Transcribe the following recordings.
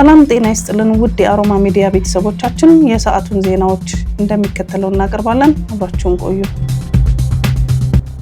ሰላም ጤና ይስጥልን ውድ የአሮማ ሚዲያ ቤተሰቦቻችን፣ የሰዓቱን ዜናዎች እንደሚከተለው እናቀርባለን። አብራችሁን ቆዩ።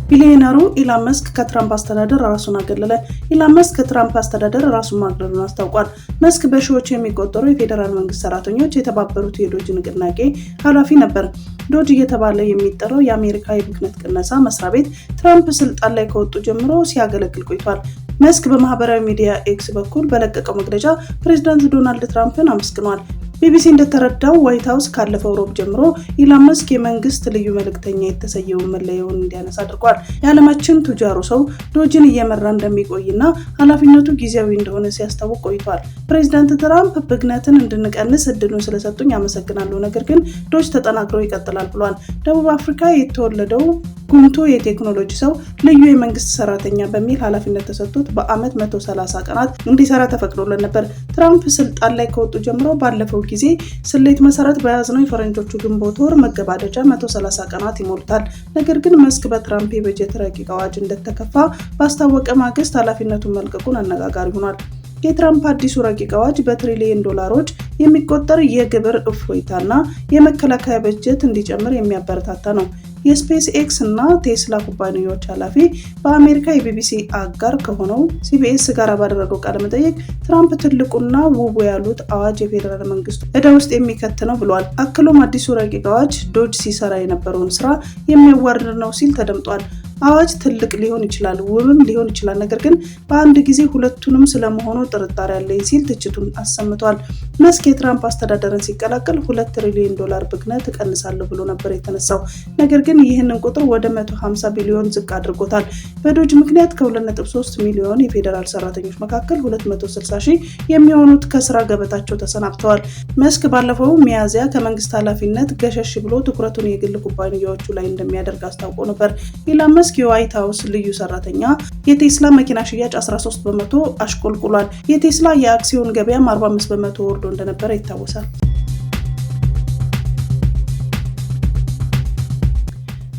ቢሊዮነሩ ኢላን መስክ ከትራምፕ አስተዳደር ራሱን አገለለ። ኢላን መስክ ከትራምፕ አስተዳደር ራሱን ማግለሉን አስታውቋል። መስክ በሺዎች የሚቆጠሩ የፌዴራል መንግስት ሰራተኞች የተባበሩት የዶጅ ንቅናቄ ኃላፊ ነበር። ዶጅ እየተባለ የሚጠራው የአሜሪካ የብክነት ቅነሳ መስሪያ ቤት ትራምፕ ስልጣን ላይ ከወጡ ጀምሮ ሲያገለግል ቆይቷል። መስክ በማህበራዊ ሚዲያ ኤክስ በኩል በለቀቀው መግለጫ ፕሬዚዳንት ዶናልድ ትራምፕን አመስግኗል። ቢቢሲ እንደተረዳው ዋይት ሀውስ ካለፈው ሮብ ጀምሮ ኢላን መስክ የመንግስት ልዩ መልእክተኛ የተሰየውን መለያውን እንዲያነሳ አድርጓል። የዓለማችን ቱጃሩ ሰው ዶጅን እየመራ እንደሚቆይና ኃላፊነቱ ጊዜያዊ እንደሆነ ሲያስታውቅ ቆይቷል። ፕሬዚዳንት ትራምፕ ብግነትን እንድንቀንስ እድሉን ስለሰጡኝ አመሰግናለሁ፣ ነገር ግን ዶጅ ተጠናክሮ ይቀጥላል ብሏል። ደቡብ አፍሪካ የተወለደው ጉምቱ የቴክኖሎጂ ሰው ልዩ የመንግስት ሰራተኛ በሚል ኃላፊነት ተሰጥቶት በአመት 130 ቀናት እንዲሰራ ተፈቅዶለን ነበር። ትራምፕ ስልጣን ላይ ከወጡ ጀምሮ ባለፈው ጊዜ ስሌት መሰረት በያዝነው የፈረንጆቹ ግንቦት ወር መገባደጃ 130 ቀናት ይሞልታል። ነገር ግን መስክ በትራምፕ የበጀት ረቂቅ አዋጅ እንደተከፋ ባስታወቀ ማግስት ኃላፊነቱን መልቀቁን አነጋጋሪ ሆኗል። የትራምፕ አዲሱ ረቂቅ አዋጅ በትሪሊየን ዶላሮች የሚቆጠር የግብር እፎይታና የመከላከያ በጀት እንዲጨምር የሚያበረታታ ነው። የስፔስ ኤክስ እና ቴስላ ኩባንያዎች ኃላፊ በአሜሪካ የቢቢሲ አጋር ከሆነው ሲቢኤስ ጋር ባደረገው ቃለ መጠየቅ ትራምፕ ትልቁና ውቡ ያሉት አዋጅ የፌዴራል መንግስቱ እዳ ውስጥ የሚከት ነው ብሏል። አክሎም አዲሱ ረቂቅ አዋጅ ዶጅ ሲሰራ የነበረውን ስራ የሚያዋርድ ነው ሲል ተደምጧል። አዋጅ ትልቅ ሊሆን ይችላል፣ ውብም ሊሆን ይችላል። ነገር ግን በአንድ ጊዜ ሁለቱንም ስለመሆኑ ጥርጣሬ አለኝ ሲል ትችቱን አሰምቷል። መስክ የትራምፕ አስተዳደርን ሲቀላቀል ሁለት ትሪሊዮን ዶላር ብክነት እቀንሳለሁ ብሎ ነበር የተነሳው። ነገር ግን ይህንን ቁጥር ወደ 150 ቢሊዮን ዝቅ አድርጎታል። በዶጅ ምክንያት ከ2.3 ሚሊዮን የፌዴራል ሰራተኞች መካከል 260 ሺህ የሚሆኑት ከስራ ገበታቸው ተሰናብተዋል። መስክ ባለፈው ሚያዝያ ከመንግስት ኃላፊነት ገሸሽ ብሎ ትኩረቱን የግል ኩባንያዎቹ ላይ እንደሚያደርግ አስታውቆ ነበር። ኢላን መስክ ድረስ የዋይት ሀውስ ልዩ ሰራተኛ የቴስላ መኪና ሽያጭ 13 በመቶ አሽቆልቁሏል። የቴስላ የአክሲዮን ገበያም 45 በመቶ ወርዶ እንደነበረ ይታወሳል።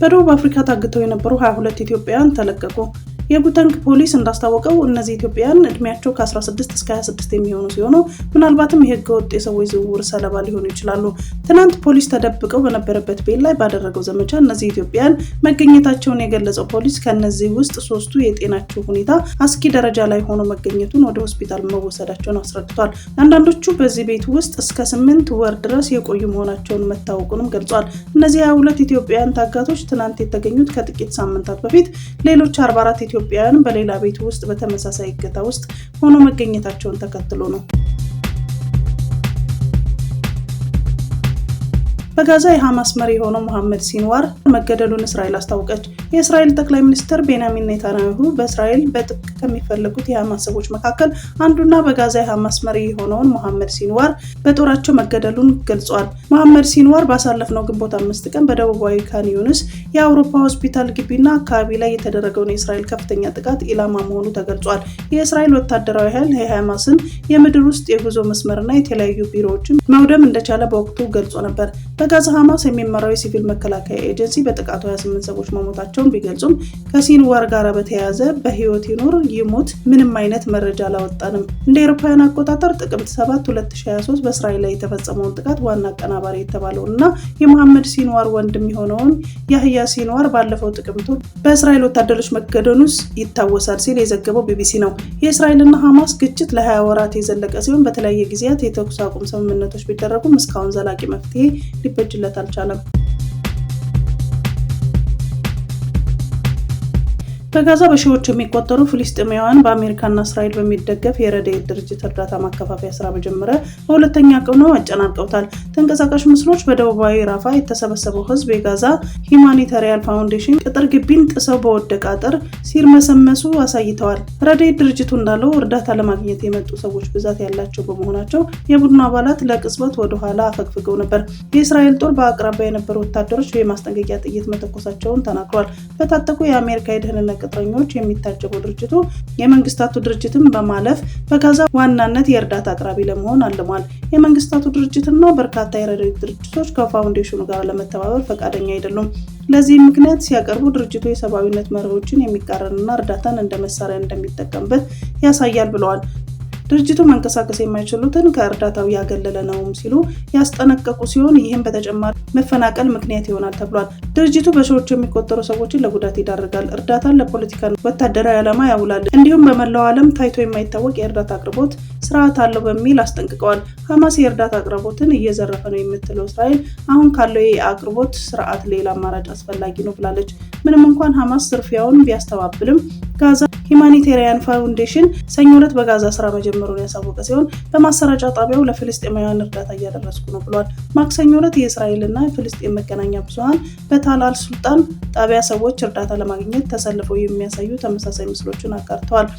በደቡብ አፍሪካ ታግተው የነበሩ 22 ኢትዮጵያውያን ተለቀቁ። የጉተንግ ፖሊስ እንዳስታወቀው እነዚህ ኢትዮጵያውያን እድሜያቸው ከ16 እስከ 26 የሚሆኑ ሲሆኑ ምናልባትም የህገ ወጥ የሰዎች ዝውውር ሰለባ ሊሆኑ ይችላሉ። ትናንት ፖሊስ ተደብቀው በነበረበት ቤት ላይ ባደረገው ዘመቻ እነዚህ ኢትዮጵያውያን መገኘታቸውን የገለጸው ፖሊስ ከእነዚህ ውስጥ ሶስቱ የጤናቸው ሁኔታ አስኪ ደረጃ ላይ ሆኖ መገኘቱን ወደ ሆስፒታል መወሰዳቸውን አስረድቷል። አንዳንዶቹ በዚህ ቤት ውስጥ እስከ ስምንት ወር ድረስ የቆዩ መሆናቸውን መታወቁንም ገልጿል። እነዚህ 22 ኢትዮጵያውያን ታጋቶች ትናንት የተገኙት ከጥቂት ሳምንታት በፊት ሌሎች 44 ኢትዮጵያውያን በሌላ ቤት ውስጥ በተመሳሳይ እገታ ውስጥ ሆኖ መገኘታቸውን ተከትሎ ነው። በጋዛ የሐማስ መሪ የሆነው መሐመድ ሲንዋር መገደሉን እስራኤል አስታወቀች። የእስራኤል ጠቅላይ ሚኒስትር ቤንያሚን ኔታንያሁ በእስራኤል በጥብቅ ከሚፈለጉት የሐማስ ሰዎች መካከል አንዱና በጋዛ የሐማስ መሪ የሆነውን መሐመድ ሲንዋር በጦራቸው መገደሉን ገልጿል። መሐመድ ሲንዋር ባሳለፍነው ግንቦት አምስት ቀን በደቡባዊ ካን ዩኒስ የአውሮፓ ሆስፒታል ግቢና አካባቢ ላይ የተደረገውን የእስራኤል ከፍተኛ ጥቃት ኢላማ መሆኑ ተገልጿል። የእስራኤል ወታደራዊ ኃይል የሐማስን የምድር ውስጥ የጉዞ መስመርና የተለያዩ ቢሮዎችን መውደም እንደቻለ በወቅቱ ገልጾ ነበር። በጋዛ ሐማስ የሚመራው የሲቪል መከላከያ ኤጀንሲ በጥቃቱ 28 ሰዎች መሞታቸው መሆናቸውን ቢገልጹም ከሲንዋር ጋር በተያያዘ በህይወት ይኖር ይሙት ምንም አይነት መረጃ አላወጣንም። እንደ አውሮፓውያን አቆጣጠር ጥቅምት 7 2023 በእስራኤል ላይ የተፈጸመውን ጥቃት ዋና አቀናባሪ የተባለውን እና የመሐመድ ሲንዋር ወንድም የሆነውን ያህያ ሲንዋር ባለፈው ጥቅምቱ በእስራኤል ወታደሮች መገደኑስ ይታወሳል ሲል የዘገበው ቢቢሲ ነው። የእስራኤልና ሐማስ ግጭት ለ20 ወራት የዘለቀ ሲሆን በተለያየ ጊዜያት የተኩስ አቁም ስምምነቶች ቢደረጉም እስካሁን ዘላቂ መፍትሄ ሊበጅለት አልቻለም። በጋዛ በሺዎች የሚቆጠሩ ፍልስጤማውያን በአሜሪካና እስራኤል በሚደገፍ የረድኤት ድርጅት እርዳታ ማከፋፈያ ስራ በጀመረ በሁለተኛ ቀኑ አጨናንቀውታል። ተንቀሳቃሽ ምስሎች በደቡባዊ ራፋ የተሰበሰበው ህዝብ የጋዛ ሂማኒታሪያን ፋውንዴሽን ቅጥር ግቢን ጥሰው በወደቀ አጥር ሲርመሰመሱ አሳይተዋል። ረድኤት ድርጅቱ እንዳለው እርዳታ ለማግኘት የመጡ ሰዎች ብዛት ያላቸው በመሆናቸው የቡድኑ አባላት ለቅጽበት ወደኋላ አፈግፍገው ነበር። የእስራኤል ጦር በአቅራቢያ የነበሩ ወታደሮች የማስጠንቀቂያ ጥይት መተኮሳቸውን ተናግሯል። በታጠቁ የአሜሪካ የደህንነት ቅጥረኞች የሚታጀቡ ድርጅቱ የመንግስታቱ ድርጅትን በማለፍ በጋዛ ዋናነት የእርዳታ አቅራቢ ለመሆን አልሟል። የመንግስታቱ ድርጅትና በርካታ የረድኤት ድርጅቶች ከፋውንዴሽኑ ጋር ለመተባበር ፈቃደኛ አይደሉም። ለዚህም ምክንያት ሲያቀርቡ ድርጅቱ የሰብአዊነት መርሆችን የሚቃረንና እርዳታን እንደ መሳሪያ እንደሚጠቀምበት ያሳያል ብለዋል። ድርጅቱ መንቀሳቀስ የማይችሉትን ከእርዳታው ያገለለ ነውም ሲሉ ያስጠነቀቁ ሲሆን ይህም በተጨማሪ መፈናቀል ምክንያት ይሆናል ተብሏል። ድርጅቱ በሺዎች የሚቆጠሩ ሰዎችን ለጉዳት ይዳርጋል፣ እርዳታን ለፖለቲካ ወታደራዊ ዓላማ ያውላል፣ እንዲሁም በመላው ዓለም ታይቶ የማይታወቅ የእርዳታ አቅርቦት ስርዓት አለው በሚል አስጠንቅቀዋል። ሐማስ የእርዳታ አቅርቦትን እየዘረፈ ነው የምትለው እስራኤል አሁን ካለው የአቅርቦት ስርዓት ሌላ አማራጭ አስፈላጊ ነው ብላለች። ምንም እንኳን ሐማስ ዝርፊያውን ቢያስተባብልም ጋዛ ሂማኒቴሪያን ፋውንዴሽን ሰኞ ዕለት በጋዛ ስራ መጀመሩን ያሳወቀ ሲሆን በማሰራጫ ጣቢያው ለፍልስጤማውያን እርዳታ እያደረስኩ ነው ብሏል። ማክሰኞ ዕለት የእስራኤልና ፍልስጤም መገናኛ ብዙሀን በታላል ሱልጣን ጣቢያ ሰዎች እርዳታ ለማግኘት ተሰልፈው የሚያሳዩ ተመሳሳይ ምስሎችን አጋርተዋል።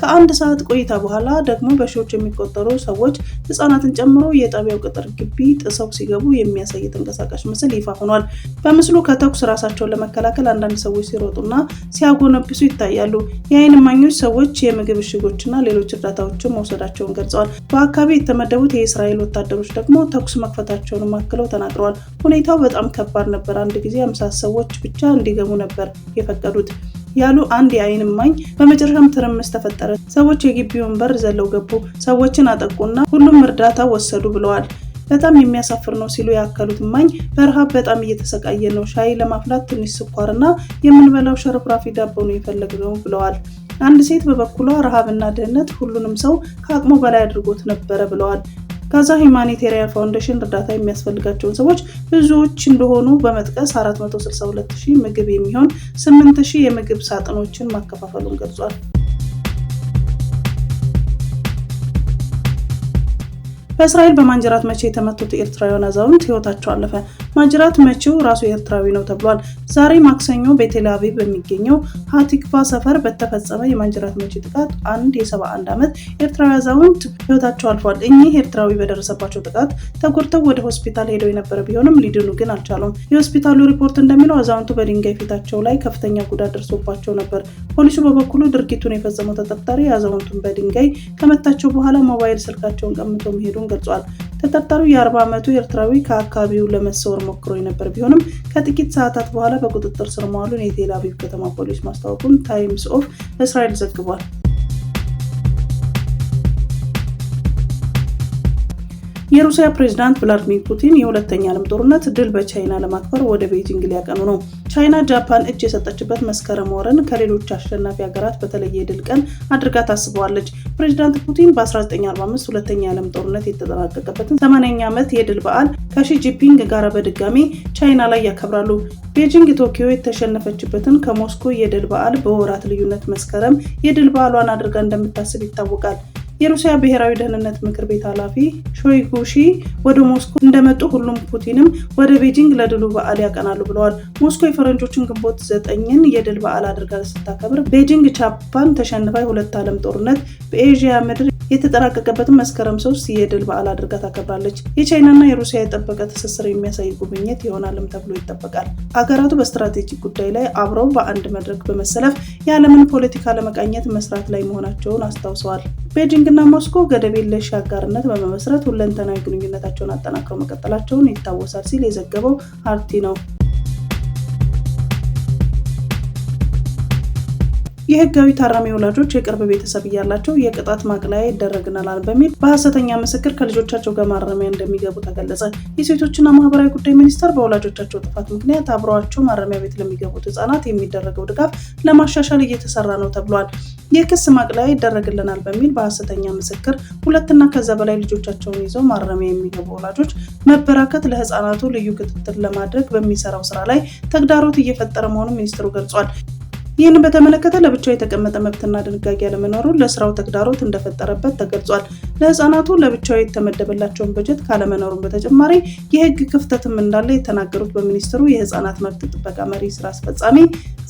ከአንድ ሰዓት ቆይታ በኋላ ደግሞ በሺዎች የሚቆጠሩ ሰዎች ህጻናትን ጨምሮ የጣቢያው ቅጥር ግቢ ጥሰው ሲገቡ የሚያሳይ ተንቀሳቃሽ ምስል ይፋ ሆኗል። በምስሉ ከተኩስ ራሳቸውን ለመከላከል አንዳንድ ሰዎች ሲሮጡና ሲያጎነብሱ ይታያሉ። የአይን እማኞች ሰዎች የምግብ እሽጎችና ሌሎች እርዳታዎችን መውሰዳቸውን ገልጸዋል። በአካባቢ የተመደቡት የእስራኤል ወታደሮች ደግሞ ተኩስ መክፈታቸውን አክለው ተናግረዋል። ሁኔታው በጣም ከባድ ነበር። አንድ ጊዜ አምሳት ሰዎች ብቻ እንዲገቡ ነበር የፈቀዱት። ያሉ አንድ የአይን እማኝ በመጨረሻም ትርምስ ተፈጠረ። ሰዎች የግቢውን በር ዘለው ገቡ፣ ሰዎችን አጠቁና ሁሉም እርዳታ ወሰዱ ብለዋል። በጣም የሚያሳፍር ነው ሲሉ ያከሉት እማኝ በረሃብ በጣም እየተሰቃየ ነው፣ ሻይ ለማፍላት ትንሽ ስኳርና የምንበላው ሸርፍራፊ ዳቦ ነው የፈለግነው ብለዋል። አንድ ሴት በበኩሏ ረሃብና ድህነት ሁሉንም ሰው ከአቅሙ በላይ አድርጎት ነበረ ብለዋል። ጋዛ ሂውማኒቴሪያን ፋውንዴሽን እርዳታ የሚያስፈልጋቸውን ሰዎች ብዙዎች እንደሆኑ በመጥቀስ 462 ሺህ ምግብ የሚሆን 8 ሺህ የምግብ ሳጥኖችን ማከፋፈሉን ገልጿል። በእስራኤል በማንጀራት መቼ የተመቱት ኤርትራውያን አዛውንት ህይወታቸው አለፈ። ማንጀራት መቼው ራሱ ኤርትራዊ ነው ተብሏል። ዛሬ ማክሰኞ በቴል በሚገኘው ሀቲክፋ ሰፈር በተፈጸመ የማንጀራት መቼ ጥቃት አንድ የ71 ዓመት ኤርትራዊ አዛውንት ህይወታቸው አልፏል። እኚህ ኤርትራዊ በደረሰባቸው ጥቃት ተጎድተው ወደ ሆስፒታል ሄደው የነበረ ቢሆንም ሊድኑ ግን አልቻሉም። የሆስፒታሉ ሪፖርት እንደሚለው አዛውንቱ በድንጋይ ፊታቸው ላይ ከፍተኛ ጉዳት ደርሶባቸው ነበር። ፖሊሱ በበኩሉ ድርጊቱን የፈጸመው ተጠርጣሪ አዛውንቱን በድንጋይ ከመታቸው በኋላ ሞባይል ስልካቸውን ቀምቶ መሄዱን መሆኑን ገልጿል። ተጠርጣሪው የ40 ዓመቱ ኤርትራዊ ከአካባቢው ለመሰወር ሞክሮ የነበር ቢሆንም ከጥቂት ሰዓታት በኋላ በቁጥጥር ስር መዋሉን የቴል አቪቭ ከተማ ፖሊስ ማስታወቁን ታይምስ ኦፍ እስራኤል ዘግቧል። የሩሲያ ፕሬዚዳንት ቭላዲሚር ፑቲን የሁለተኛ ዓለም ጦርነት ድል በቻይና ለማክበር ወደ ቤጂንግ ሊያቀኑ ነው። ቻይና ጃፓን እጅ የሰጠችበት መስከረም ወርን ከሌሎች አሸናፊ ሀገራት በተለየ ድል ቀን አድርጋ ታስበዋለች። ፕሬዚዳንት ፑቲን በ1945 ሁለተኛ ዓለም ጦርነት የተጠናቀቀበትን 80ኛ ዓመት የድል በዓል ከሺ ጋር በድጋሚ ቻይና ላይ ያከብራሉ። ቤጂንግ ቶኪዮ የተሸነፈችበትን ከሞስኮ የድል በዓል በወራት ልዩነት መስከረም የድል በዓሏን አድርጋ እንደምታስብ ይታወቃል። የሩሲያ ብሔራዊ ደህንነት ምክር ቤት ኃላፊ ሾይጉሺ ወደ ሞስኮ እንደመጡ ሁሉም ፑቲንም ወደ ቤጂንግ ለድሉ በዓል ያቀናሉ ብለዋል። ሞስኮ የፈረንጆችን ግንቦት ዘጠኝን የድል በዓል አድርጋ ስታከብር ቤጂንግ ቻፓን ተሸንፋ የሁለት ዓለም ጦርነት በኤዥያ ምድር የተጠናቀቀበትን መስከረም ሶስት የድል በዓል አድርጋ ታከብራለች። የቻይናና የሩሲያ የጠበቀ ትስስር የሚያሳይ ጉብኝት ይሆናልም ተብሎ ይጠበቃል። አገራቱ በስትራቴጂክ ጉዳይ ላይ አብረው በአንድ መድረክ በመሰለፍ የዓለምን ፖለቲካ ለመቃኘት መስራት ላይ መሆናቸውን አስታውሰዋል። ቤጂንግና ሞስኮ ገደብ የለሽ አጋርነት በመመስረት ሁለንተናዊ ግንኙነታቸውን አጠናክረው መቀጠላቸውን ይታወሳል ሲል የዘገበው አርቲ ነው። የህጋዊ ታራሚ ወላጆች የቅርብ ቤተሰብ እያላቸው የቅጣት ማቅለያ ይደረግናል በሚል በሀሰተኛ ምስክር ከልጆቻቸው ጋር ማረሚያ እንደሚገቡ ተገለጸ። የሴቶችና ማህበራዊ ጉዳይ ሚኒስቴር በወላጆቻቸው ጥፋት ምክንያት አብረዋቸው ማረሚያ ቤት ለሚገቡት ህጻናት የሚደረገው ድጋፍ ለማሻሻል እየተሰራ ነው ተብሏል። የክስ ማቅለያ ይደረግልናል በሚል በሀሰተኛ ምስክር ሁለትና ከዛ በላይ ልጆቻቸውን ይዘው ማረሚያ የሚገቡ ወላጆች መበራከት ለህፃናቱ ልዩ ክትትል ለማድረግ በሚሰራው ስራ ላይ ተግዳሮት እየፈጠረ መሆኑን ሚኒስትሩ ገልጿል። ይህንን በተመለከተ ለብቻው የተቀመጠ መብትና ድንጋጌ አለመኖሩን ለስራው ተግዳሮት እንደፈጠረበት ተገልጿል። ለህፃናቱ ለብቻው የተመደበላቸውን በጀት ካለመኖሩን በተጨማሪ የህግ ክፍተትም እንዳለ የተናገሩት በሚኒስትሩ የህፃናት መብት ጥበቃ መሪ ስራ አስፈጻሚ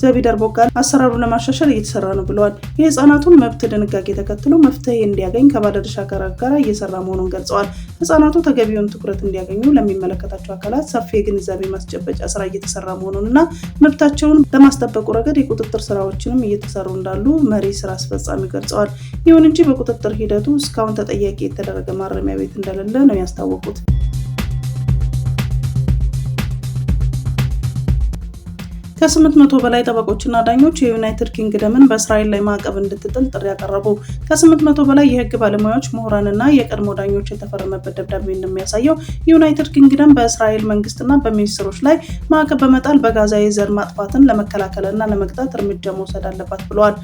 ዘቢደር ቦጋለ አሰራሩን ለማሻሻል እየተሰራ ነው ብለዋል። የህፃናቱን መብት ድንጋጌ ተከትሎ መፍትሄ እንዲያገኝ ከባለድርሻ አካላት ጋር እየሰራ መሆኑን ገልጸዋል። ህጻናቱ ተገቢውን ትኩረት እንዲያገኙ ለሚመለከታቸው አካላት ሰፊ የግንዛቤ ማስጨበጫ ስራ እየተሰራ መሆኑን ና መብታቸውን በማስጠበቁ ረገድ የቁጥጥር ስራዎችንም እየተሰሩ እንዳሉ መሪ ስራ አስፈጻሚ ገልጸዋል። ይሁን እንጂ በቁጥጥር ሂደቱ እስካሁን ተጠያቂ የተደረገ ማረሚያ ቤት እንደሌለ ነው ያስታወቁት። ከስምንት መቶ በላይ ጠበቆችና ዳኞች የዩናይትድ ኪንግደምን በእስራኤል ላይ ማዕቀብ እንድትጥል ጥሪ ያቀረቡ ከስምንት መቶ በላይ የህግ ባለሙያዎች ምሁራንና የቀድሞ ዳኞች የተፈረመበት ደብዳቤ እንደሚያሳየው ዩናይትድ ኪንግደም በእስራኤል መንግስትና በሚኒስትሮች ላይ ማዕቀብ በመጣል በጋዛ የዘር ማጥፋትን ለመከላከልና ለመቅጣት እርምጃ መውሰድ አለባት ብለዋል።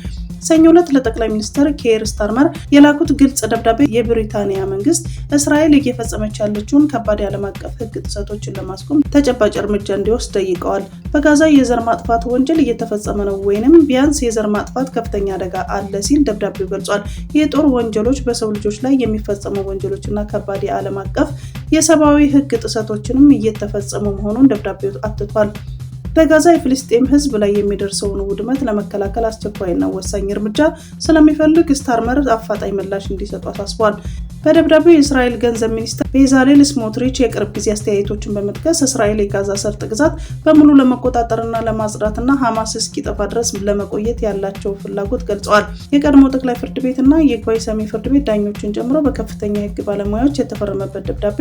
ሰኞ ዕለት ለጠቅላይ ሚኒስትር ኬር ስታርመር የላኩት ግልጽ ደብዳቤ የብሪታንያ መንግስት እስራኤል እየፈጸመች ያለችውን ከባድ የዓለም አቀፍ ህግ ጥሰቶችን ለማስቆም ተጨባጭ እርምጃ እንዲወስድ ጠይቀዋል። በጋዛ የዘር ማጥፋት ወንጀል እየተፈጸመ ነው ወይንም ቢያንስ የዘር ማጥፋት ከፍተኛ አደጋ አለ ሲል ደብዳቤው ገልጿል። የጦር ወንጀሎች፣ በሰው ልጆች ላይ የሚፈጸሙ ወንጀሎችና ከባድ የዓለም አቀፍ የሰብአዊ ህግ ጥሰቶችንም እየተፈጸሙ መሆኑን ደብዳቤው አትቷል። በጋዛ የፍልስጤም ህዝብ ላይ የሚደርሰውን ውድመት ለመከላከል አስቸኳይና ወሳኝ እርምጃ ስለሚፈልግ ስታርመር አፋጣኝ ምላሽ እንዲሰጡ አሳስቧል። በደብዳቤው የእስራኤል ገንዘብ ሚኒስትር ቤዛሌል ስሞትሪች የቅርብ ጊዜ አስተያየቶችን በመጥቀስ እስራኤል የጋዛ ሰርጥ ግዛት በሙሉ ለመቆጣጠርና ለማጽዳትና ሐማስ እስኪጠፋ ድረስ ለመቆየት ያላቸው ፍላጎት ገልጸዋል። የቀድሞ ጠቅላይ ፍርድ ቤትና የኳይ ሰሚ ፍርድ ቤት ዳኞችን ጨምሮ በከፍተኛ የህግ ባለሙያዎች የተፈረመበት ደብዳቤ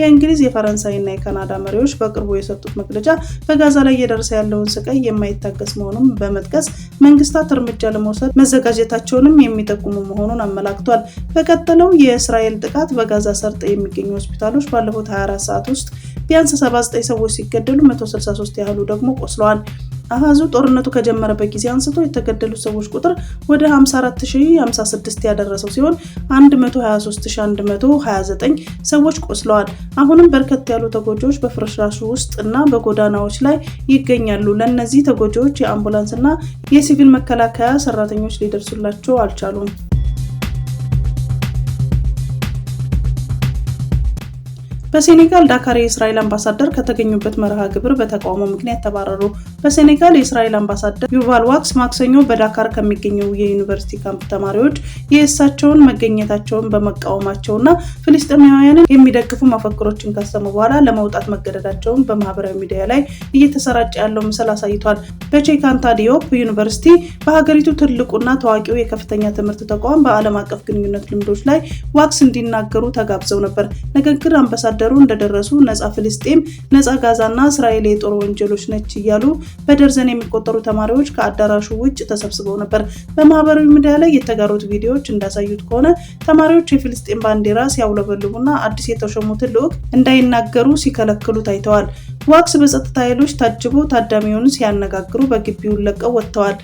የእንግሊዝ የፈረንሳይና የካናዳ መሪዎች በቅርቡ የሰጡት መግለጫ በጋዛ ላይ እየደረሰ ያለውን ስቃይ የማይታገስ መሆኑን በመጥቀስ መንግስታት እርምጃ ለመውሰድ መዘጋጀታቸውንም የሚጠቁሙ መሆኑን አመላክቷል። በቀጠለው የእስራኤል በእስራኤል ጥቃት በጋዛ ሰርጥ የሚገኙ ሆስፒታሎች ባለፉት 24 ሰዓት ውስጥ ቢያንስ 79 ሰዎች ሲገደሉ 163 ያህሉ ደግሞ ቆስለዋል። አሃዙ ጦርነቱ ከጀመረበት ጊዜ አንስቶ የተገደሉት ሰዎች ቁጥር ወደ 54056 ያደረሰው ሲሆን 123129 ሰዎች ቆስለዋል። አሁንም በርከት ያሉ ተጎጂዎች በፍርስራሹ ውስጥ እና በጎዳናዎች ላይ ይገኛሉ። ለእነዚህ ተጎጂዎች የአምቡላንስ እና የሲቪል መከላከያ ሰራተኞች ሊደርሱላቸው አልቻሉም። በሴኔጋል ዳካር የእስራኤል አምባሳደር ከተገኙበት መርሃ ግብር በተቃውሞ ምክንያት ተባረሩ። በሴኔጋል የእስራኤል አምባሳደር ዩቫል ዋክስ ማክሰኞ በዳካር ከሚገኘው የዩኒቨርሲቲ ካምፕ ተማሪዎች የእሳቸውን መገኘታቸውን በመቃወማቸውና ፍልስጤማውያንን የሚደግፉ መፈክሮችን ካሰሙ በኋላ ለመውጣት መገደዳቸውን በማህበራዊ ሚዲያ ላይ እየተሰራጨ ያለው ምስል አሳይቷል። በቼካንታ ዲዮፕ ዩኒቨርሲቲ በሀገሪቱ ትልቁና ታዋቂው የከፍተኛ ትምህርት ተቋም በዓለም አቀፍ ግንኙነት ልምዶች ላይ ዋክስ እንዲናገሩ ተጋብዘው ነበር። ነገር ግን አምባሳደር እየተደራደሩ እንደደረሱ ነፃ ፍልስጤም፣ ነፃ ጋዛና እስራኤል የጦር ወንጀሎች ነች እያሉ በደርዘን የሚቆጠሩ ተማሪዎች ከአዳራሹ ውጭ ተሰብስበው ነበር። በማህበራዊ ሚዲያ ላይ የተጋሩት ቪዲዮዎች እንዳሳዩት ከሆነ ተማሪዎች የፍልስጤም ባንዲራ ሲያውለበልቡና አዲስ የተሾሙትን ልዑክ እንዳይናገሩ ሲከለክሉ ታይተዋል። ዋክስ በጸጥታ ኃይሎች ታጅቦ ታዳሚውን ሲያነጋግሩ በግቢውን ለቀው ወጥተዋል።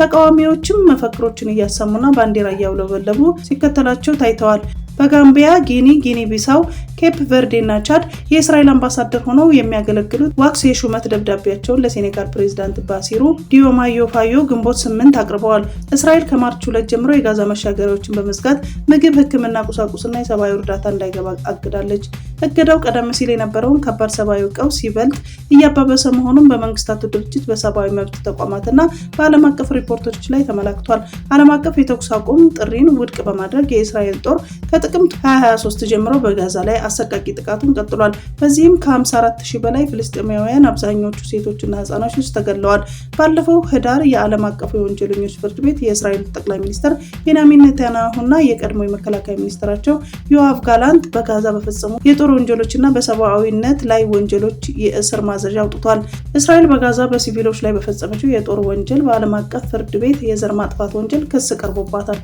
ተቃዋሚዎችም መፈክሮችን እያሰሙና ባንዲራ እያውለበለቡ ሲከተላቸው ታይተዋል። በጋምቢያ፣ ጊኒ፣ ጊኒ ቢሳው፣ ኬፕ ቨርዴና ቻድ የእስራኤል አምባሳደር ሆነው የሚያገለግሉት ዋክስ የሹመት ደብዳቤያቸውን ለሴኔጋል ፕሬዚዳንት ባሲሩ ዲዮማዮ ፋዮ ግንቦት ስምንት አቅርበዋል። እስራኤል ከማርች ሁለት ጀምሮ የጋዛ መሻገሪያዎችን በመዝጋት ምግብ፣ ሕክምና ቁሳቁስና የሰብአዊ እርዳታ እንዳይገባ አግዳለች። እገዳው ቀደም ሲል የነበረውን ከባድ ሰብአዊ ቀውስ ይበልጥ እያባበሰ መሆኑን በመንግስታቱ ድርጅት በሰብአዊ መብት ተቋማትና በዓለም አቀፍ ሪፖርቶች ላይ ተመላክቷል። ዓለም አቀፍ የተኩስ አቁም ጥሪን ውድቅ በማድረግ የእስራኤል ጦር ከጥቅምት 2023 ጀምሮ በጋዛ ላይ አሰቃቂ ጥቃቱን ቀጥሏል። በዚህም ከ54 ሺህ በላይ ፍልስጤማውያን አብዛኞቹ ሴቶችና ህጻናት ውስጥ ተገድለዋል። ባለፈው ህዳር የዓለም አቀፉ የወንጀለኞች ፍርድ ቤት የእስራኤል ጠቅላይ ሚኒስትር ቤንያሚን ኔታንያሁና የቀድሞ የመከላከያ ሚኒስትራቸው ዮአቭ ጋላንት በጋዛ በፈጸሙ የጦር ወንጀሎችና በሰብአዊነት ላይ ወንጀሎች የእስር ማዘዣ አውጥቷል። እስራኤል በጋዛ በሲቪሎች ላይ በፈጸመችው የጦር ወንጀል በዓለም አቀፍ ፍርድ ቤት የዘር ማጥፋት ወንጀል ክስ ቀርቦባታል።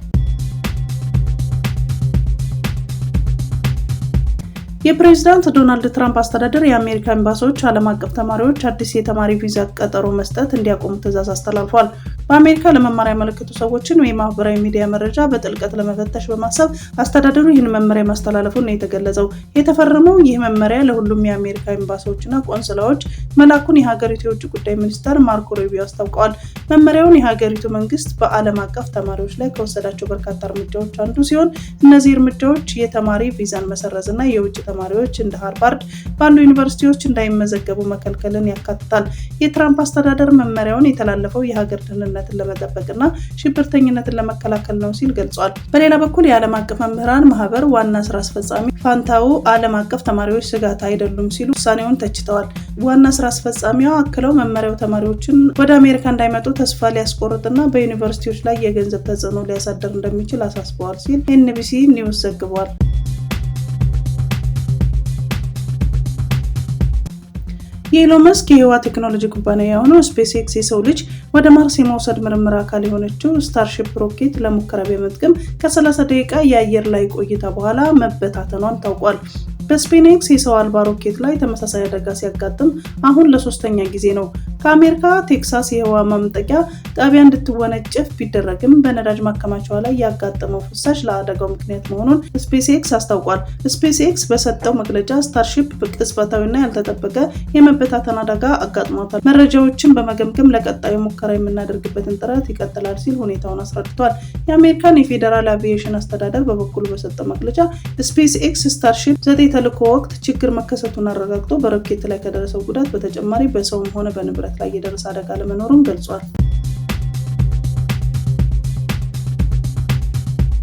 የፕሬዚዳንት ዶናልድ ትራምፕ አስተዳደር የአሜሪካ ኤምባሲዎች ዓለም አቀፍ ተማሪዎች አዲስ የተማሪ ቪዛ ቀጠሮ መስጠት እንዲያቆሙ ትዕዛዝ አስተላልፏል። በአሜሪካ ለመማር ያመለከቱ ሰዎችን የማህበራዊ ሚዲያ መረጃ በጥልቀት ለመፈተሽ በማሰብ አስተዳደሩ ይህን መመሪያ ማስተላለፉን ነው የተገለጸው። የተፈረመው ይህ መመሪያ ለሁሉም የአሜሪካ ኤምባሲዎችና ቆንስላዎች መላኩን የሀገሪቱ የውጭ ጉዳይ ሚኒስተር ማርኮ ሩቢዮ አስታውቀዋል። መመሪያውን የሀገሪቱ መንግስት በዓለም አቀፍ ተማሪዎች ላይ ከወሰዳቸው በርካታ እርምጃዎች አንዱ ሲሆን እነዚህ እርምጃዎች የተማሪ ቪዛን መሰረዝ የውጭ ተማሪዎች እንደ ሃርቫርድ ባሉ ዩኒቨርሲቲዎች እንዳይመዘገቡ መከልከልን ያካትታል። የትራምፕ አስተዳደር መመሪያውን የተላለፈው የሀገር ደህንነትን ለመጠበቅና ሽብርተኝነትን ለመከላከል ነው ሲል ገልጿል። በሌላ በኩል የዓለም አቀፍ መምህራን ማህበር ዋና ስራ አስፈጻሚ ፋንታው ዓለም አቀፍ ተማሪዎች ስጋት አይደሉም ሲሉ ውሳኔውን ተችተዋል። ዋና ስራ አስፈጻሚዋ አክለው መመሪያው ተማሪዎችን ወደ አሜሪካ እንዳይመጡ ተስፋ ሊያስቆርጥና በዩኒቨርሲቲዎች ላይ የገንዘብ ተጽዕኖ ሊያሳደር እንደሚችል አሳስበዋል ሲል ኤንቢሲ ኒውስ ዘግቧል። የኢሎን መስክ የህዋ ቴክኖሎጂ ኩባንያ የሆነው ስፔስ ኤክስ የሰው ልጅ ወደ ማርስ የመውሰድ ምርምር አካል የሆነችው ስታርሺፕ ሮኬት ለሙከራ በመጥቀም ከ30 ደቂቃ የአየር ላይ ቆይታ በኋላ መበታተኗን ታውቋል። በስፔን ኤክስ የሰው አልባ ሮኬት ላይ ተመሳሳይ አደጋ ሲያጋጥም አሁን ለሶስተኛ ጊዜ ነው። ከአሜሪካ ቴክሳስ የህዋ ማምጠቂያ ጣቢያ እንድትወነጨፍ ቢደረግም በነዳጅ ማከማቻዋ ላይ ያጋጠመው ፍሳሽ ለአደጋው ምክንያት መሆኑን ስፔስ ኤክስ አስታውቋል። ስፔስ ኤክስ በሰጠው መግለጫ ስታርሺፕ ቅጽበታዊና ያልተጠበቀ የመበታተን አደጋ አጋጥሟታል፣ መረጃዎችን በመገምገም ለቀጣዩ ሙከራ የምናደርግበትን ጥረት ይቀጥላል ሲል ሁኔታውን አስረድቷል። የአሜሪካን የፌዴራል አቪዬሽን አስተዳደር በበኩሉ በሰጠው መግለጫ ስፔስ ኤክስ ስታርሺፕ ዘጠኝ ተልዕኮ ወቅት ችግር መከሰቱን አረጋግጦ በሮኬት ላይ ከደረሰው ጉዳት በተጨማሪ በሰውም ሆነ በንብረት ጉዳት ላይ የደረሰ አደጋ ለመኖሩም ገልጿል።